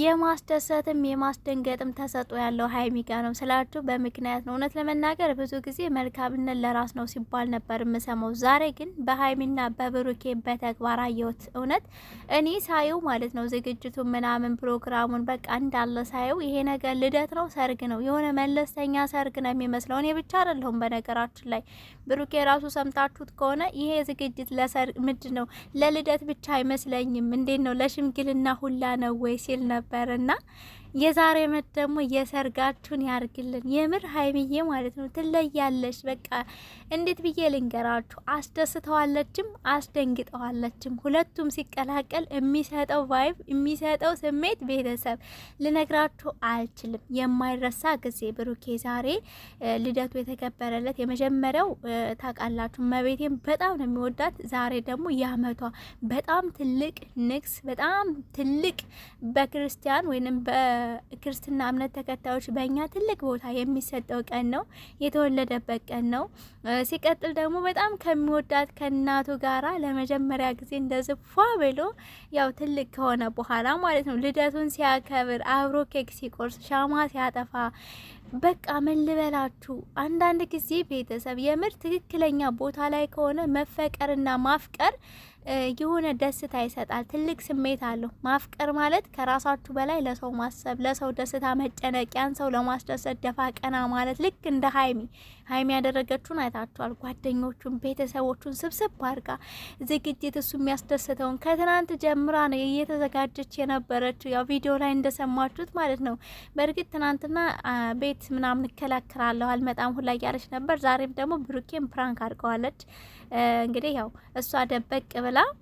የማስደሰትም የማስደንገጥም ተሰጦ ያለው ሀይሚ ጋ ነው ስላችሁ በምክንያት ነው። እውነት ለመናገር ብዙ ጊዜ መልካምነት ለራስ ነው ሲባል ነበር የምሰማው። ዛሬ ግን በሀይሚና በብሩኬ በተግባር አየሁት። እውነት እኔ ሳየው ማለት ነው ዝግጅቱ ምናምን ፕሮግራሙን በቃ እንዳለ ሳየው ይሄ ነገር ልደት ነው፣ ሰርግ ነው፣ የሆነ መለስተኛ ሰርግ ነው የሚመስለው። እኔ ብቻ አይደለሁም በነገራችን ላይ ብሩኬ ራሱ ሰምታችሁት ከሆነ ይሄ ዝግጅት ለሰርግ ምንድን ነው ለልደት ብቻ አይመስለኝም። እንዴት ነው ለሽምግልና ሁላ ነው ወይ ሲል ነው ነበር እና የዛሬ መት ደግሞ የሰርጋችሁን ያርግልን። የምር ሀይሚዬ ማለት ነው ትለያለች። በቃ እንዴት ብዬ ልንገራችሁ፣ አስደስተዋለችም አስደንግጠዋለችም። ሁለቱም ሲቀላቀል የሚሰጠው ቫይብ የሚሰጠው ስሜት ቤተሰብ ልነግራችሁ አልችልም። የማይረሳ ጊዜ ብሩኬ ዛሬ ልደቱ የተከበረለት የመጀመሪያው ታውቃላችሁ፣ መቤቴም በጣም ነው የሚወዳት። ዛሬ ደግሞ የአመቷ በጣም ትልቅ ንግስ በጣም ትልቅ በክርስቲያን ወይም ክርስትና እምነት ተከታዮች በእኛ ትልቅ ቦታ የሚሰጠው ቀን ነው፣ የተወለደበት ቀን ነው። ሲቀጥል ደግሞ በጣም ከሚወዳት ከእናቱ ጋራ ለመጀመሪያ ጊዜ እንደዚህ ፏ ብሎ ያው ትልቅ ከሆነ በኋላ ማለት ነው ልደቱን ሲያከብር አብሮ ኬክ ሲቆርስ ሻማ ሲያጠፋ በቃ ምን ልበላችሁ፣ አንዳንድ ጊዜ ቤተሰብ የምር ትክክለኛ ቦታ ላይ ከሆነ መፈቀርና ማፍቀር የሆነ ደስታ ይሰጣል። ትልቅ ስሜት አለው። ማፍቀር ማለት ከራሳችሁ በላይ ለሰው ማሰብ፣ ለሰው ደስታ መጨነቅ፣ ያን ሰው ለማስደሰት ደፋ ቀና ማለት ልክ እንደ ሀይሚ ሀይሚ ያደረገችውን አይታችኋል። ጓደኞቹን፣ ቤተሰቦቹን ስብስብ አድርጋ ዝግጅት እሱ የሚያስደስተውን ከትናንት ጀምራ ነው እየተዘጋጀች የነበረችው። ያው ቪዲዮ ላይ እንደሰማችሁት ማለት ነው። በእርግጥ ትናንትና ቤት ምናምን እከላከላለሁ አልመጣም ሁላ እያለች ነበር። ዛሬም ደግሞ ብሩኬን ፕራንክ አድርገዋለች። እንግዲህ ያው እሷ ደበቅ ብላ በኋላ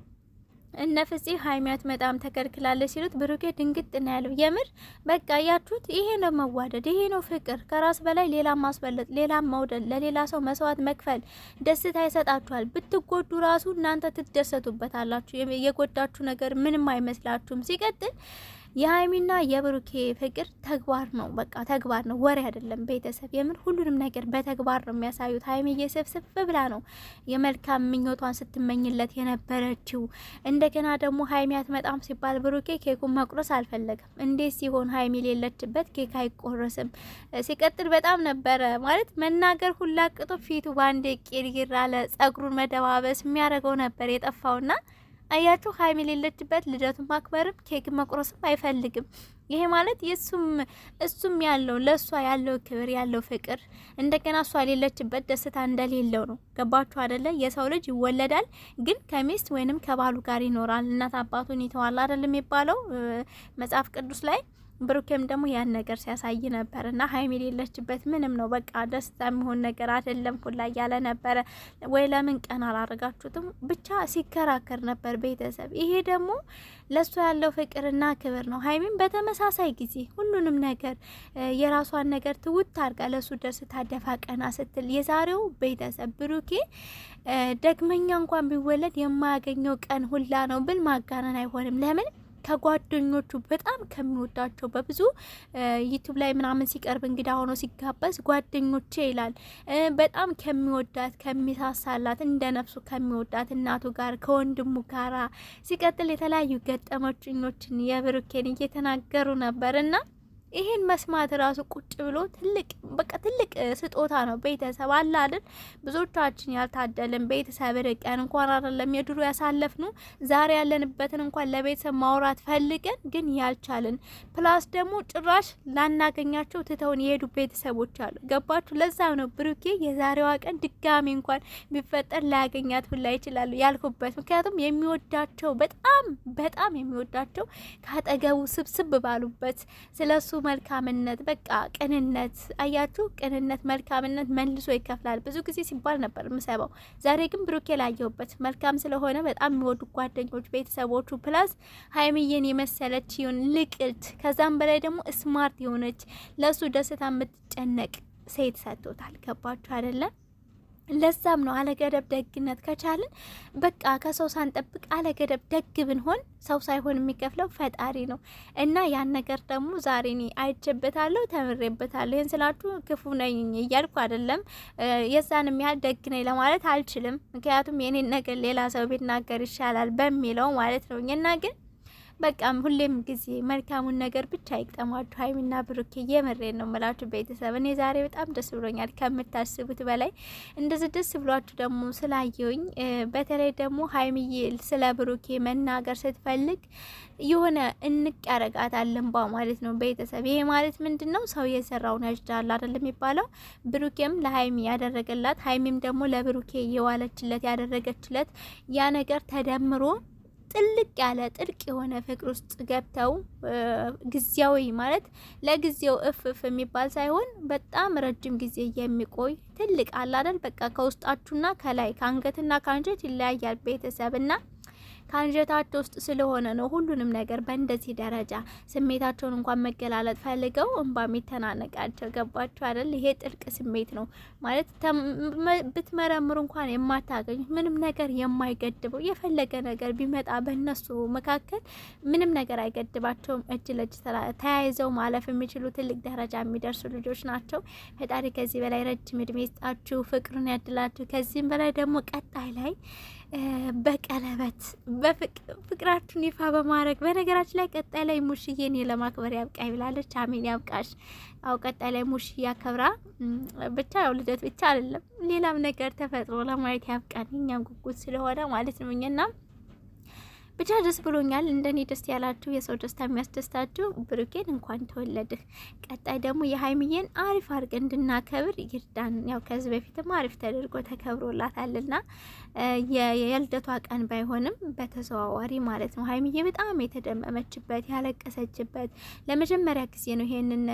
እነ ፍፄ ሀይሚያት በጣም ተከልክላለች ሲሉት ብሩኬ ድንግጥ ነው ያለው። የምር በቃ ያችሁት ይሄ ነው መዋደድ፣ ይሄ ነው ፍቅር። ከራስ በላይ ሌላ ማስበለጥ፣ ሌላ መውደድ፣ ለሌላ ሰው መስዋዕት መክፈል ደስታ ይሰጣችኋል። ብትጎዱ ራሱ እናንተ ትደሰቱበታላችሁ። የጎዳችሁ ነገር ምንም አይመስላችሁም። ሲቀጥል የሀይሚና የብሩኬ ፍቅር ተግባር ነው። በቃ ተግባር ነው፣ ወሬ አይደለም። ቤተሰብ የምን ሁሉንም ነገር በተግባር ነው የሚያሳዩት። ሀይሚ እየሰብስብ ብላ ነው የመልካም ምኞቷን ስትመኝለት የነበረችው። እንደገና ደግሞ ሀይሚ አትመጣም ሲባል ብሩኬ ኬኩን መቁረስ አልፈለገም። እንዴት ሲሆን ሀይሚ ሌለችበት ኬክ አይቆረስም? ሲቀጥል በጣም ነበረ ማለት መናገር ሁላ ቅጡ ፊቱ በአንድ ቂርጊር አለ፣ ጸጉሩን መደባበስ የሚያደርገው ነበር የጠፋውና አያችሁ ሀይሚ የሌለችበት ልደቱን ማክበርም ኬክ መቁረስም አይፈልግም። ይሄ ማለት የሱም እሱም ያለው ለሷ ያለው ክብር ያለው ፍቅር እንደገና እሷ የሌለችበት ደስታ እንደሌለው ነው። ገባችሁ አይደለ? የሰው ልጅ ይወለዳል፣ ግን ከሚስት ወይንም ከባሉ ጋር ይኖራል። እናት አባቱን ይተዋል አይደለም የሚባለው መጽሐፍ ቅዱስ ላይ ብሩኬም ደግሞ ያን ነገር ሲያሳይ ነበር እና ሀይሚ የሌለችበት ምንም ነው በቃ ደስታ የሚሆን ነገር አይደለም ሁላ እያለ ነበረ። ወይ ለምን ቀን አላረጋችሁትም? ብቻ ሲከራከር ነበር ቤተሰብ። ይሄ ደግሞ ለእሷ ያለው ፍቅርና ክብር ነው። ሀይሚም በተመሳሳይ ጊዜ ሁሉንም ነገር የራሷን ነገር ትውት አርጋ ለሱ ደስታ ደፋ ቀና ስትል የዛሬው ቤተሰብ ብሩኬ ደግመኛ እንኳን ቢወለድ የማያገኘው ቀን ሁላ ነው ብል ማጋነን አይሆንም። ለምን ከጓደኞቹ በጣም ከሚወዳቸው በብዙ ዩቱብ ላይ ምናምን ሲቀርብ እንግዳ ሆኖ ሲጋበዝ ጓደኞቼ ይላል። በጣም ከሚወዳት ከሚሳሳላት፣ እንደ ነፍሱ ከሚወዳት እናቱ ጋር ከወንድሙ ጋራ ሲቀጥል የተለያዩ ገጠመችኞችን የብሩኬን እየተናገሩ ነበር እና ይሄን መስማት ራሱ ቁጭ ብሎ ትልቅ በቃ ትልቅ ስጦታ ነው። ቤተሰብ አለ አይደል? ብዙዎቻችን ያልታደልን ቤተሰብ ርቀን እንኳን አይደለም የድሮ ያሳለፍነው ዛሬ ያለንበትን እንኳን ለቤተሰብ ማውራት ፈልገን ግን ያልቻልን፣ ፕላስ ደግሞ ጭራሽ ላናገኛቸው ትተውን የሄዱ ቤተሰቦች አሉ። ገባችሁ? ለዛ ነው ብሩኬ የዛሬዋ ቀን ድጋሚ እንኳን ቢፈጠር ላያገኛት ሁላ ይችላሉ ያልኩበት ምክንያቱም የሚወዳቸው በጣም በጣም የሚወዳቸው ካጠገቡ ስብስብ ባሉበት ስለሱ መልካምነት በቃ ቅንነት፣ አያችሁ ቅንነት፣ መልካምነት መልሶ ይከፍላል ብዙ ጊዜ ሲባል ነበር የምሰማው። ዛሬ ግን ብሩኬ ላየሁበት መልካም ስለሆነ በጣም የሚወዱ ጓደኞች፣ ቤተሰቦቹ ፕላስ ሀይሚዬን የመሰለች ይሁን ልቅልት፣ ከዛም በላይ ደግሞ ስማርት የሆነች ለእሱ ደስታ የምትጨነቅ ሴት ሰጥቶታል። ገባችሁ አይደለም? ለዛም ነው አለገደብ ደግነት ከቻልን በቃ ከሰው ሳንጠብቅ አለገደብ ደግ ብንሆን ሰው ሳይሆን የሚከፍለው ፈጣሪ ነው እና ያን ነገር ደግሞ ዛሬ እኔ አይቼበታለሁ፣ ተምሬበታለሁ። ይህን ስላችሁ ክፉ ነኝ እያልኩ አይደለም። የዛንም ያህል ደግ ነኝ ለማለት አልችልም። ምክንያቱም የኔን ነገር ሌላ ሰው ቢናገር ይሻላል በሚለው ማለት ነው እና ግን በቃም ሁሌም ጊዜ መልካሙን ነገር ብቻ ይቅጠሟችሁ። ሀይሚና ብሩኬ የምሬን ነው የምላችሁ ቤተሰብ፣ እኔ ዛሬ በጣም ደስ ብሎኛል ከምታስቡት በላይ። እንደዚህ ደስ ብሏችሁ ደግሞ ስላየውኝ፣ በተለይ ደግሞ ሀይሚዬ ስለ ብሩኬ መናገር ስትፈልግ የሆነ እንቅ ያረጋታል እንባ ማለት ነው ቤተሰብ። ይሄ ማለት ምንድን ነው? ሰው የሰራውን ያጭዳል አይደል የሚባለው። ብሩኬም ለሀይሚ ያደረገላት፣ ሀይሚም ደግሞ ለብሩኬ የዋለችለት ያደረገችለት ያ ነገር ተደምሮ ጥልቅ ያለ ጥልቅ የሆነ ፍቅር ውስጥ ገብተው ጊዜያዊ ማለት ለጊዜው እፍፍ የሚባል ሳይሆን በጣም ረጅም ጊዜ የሚቆይ ትልቅ አላደል በቃ ከውስጣችሁና ከላይ ከአንገትና ከአንጀት ይለያያል ቤተሰብና ከአንጀታቸው ውስጥ ስለሆነ ነው ሁሉንም ነገር በእንደዚህ ደረጃ ስሜታቸውን እንኳን መገላለጥ ፈልገው እንባ የሚተናነቃቸው። ገባችሁ አይደል? ይሄ ጥልቅ ስሜት ነው ማለት ብትመረምሩ እንኳን የማታገኙት ምንም ነገር የማይገድበው የፈለገ ነገር ቢመጣ በእነሱ መካከል ምንም ነገር አይገድባቸውም። እጅ ለእጅ ተያይዘው ማለፍ የሚችሉ ትልቅ ደረጃ የሚደርሱ ልጆች ናቸው። ፈጣሪ ከዚህ በላይ ረጅም እድሜ ይስጣችሁ፣ ፍቅሩን ያድላችሁ። ከዚህም በላይ ደግሞ ቀጣይ ላይ በቀለበት ፍቅራችሁን ይፋ በማድረግ በነገራችን ላይ ቀጣይ ላይ ሙሽዬ እኔ ለማክበር ያብቃኝ ብላለች። አሜን ያብቃሽ። አው ቀጣይ ላይ ሙሽዬ ያከብራ ብቻ ያው ልደት ብቻ አይደለም ሌላም ነገር ተፈጥሮ ለማየት ያብቃን። እኛም ጉጉት ስለሆነ ማለት ነው እኛና ብቻ ደስ ብሎኛል። እንደኔ ደስ ያላችሁ የሰው ደስታ የሚያስደስታችሁ ብሩኬን እንኳን ተወለድህ። ቀጣይ ደግሞ የሀይሚዬን አሪፍ አርግ እንድናከብር ይርዳን። ያው ከዚህ በፊትም አሪፍ ተደርጎ ተከብሮላታልና የልደቷ ቀን ባይሆንም በተዘዋዋሪ ማለት ነው። ሀይሚዬ በጣም የተደመመችበት ያለቀሰችበት ለመጀመሪያ ጊዜ ነው ይሄንን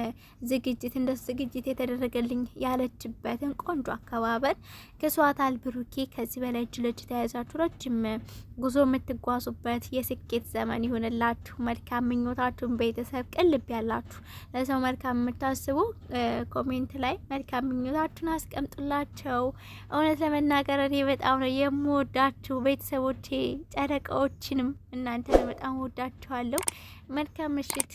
ዝግጅት እንደ ዝግጅት የተደረገልኝ ያለችበትን ቆንጆ አከባበር ከሷታል ብሩኬ። ከዚህ በላይ እጅ ለእጅ ተያይዛችሁ ረጅም ጉዞ የምትጓዙበት የምትኖሩበት የስኬት ዘመን ይሁንላችሁ። መልካም ምኞታችሁን ቤተሰብ ቅልብ ያላችሁ ለሰው መልካም የምታስቡ ኮሜንት ላይ መልካም ምኞታችሁን አስቀምጡላቸው። እውነት ለመናገር እኔ በጣም ነው የምወዳችሁ ቤተሰቦቼ፣ ጨረቃዎችንም እናንተ በጣም ወዳችኋለሁ። መልካም ምሽት።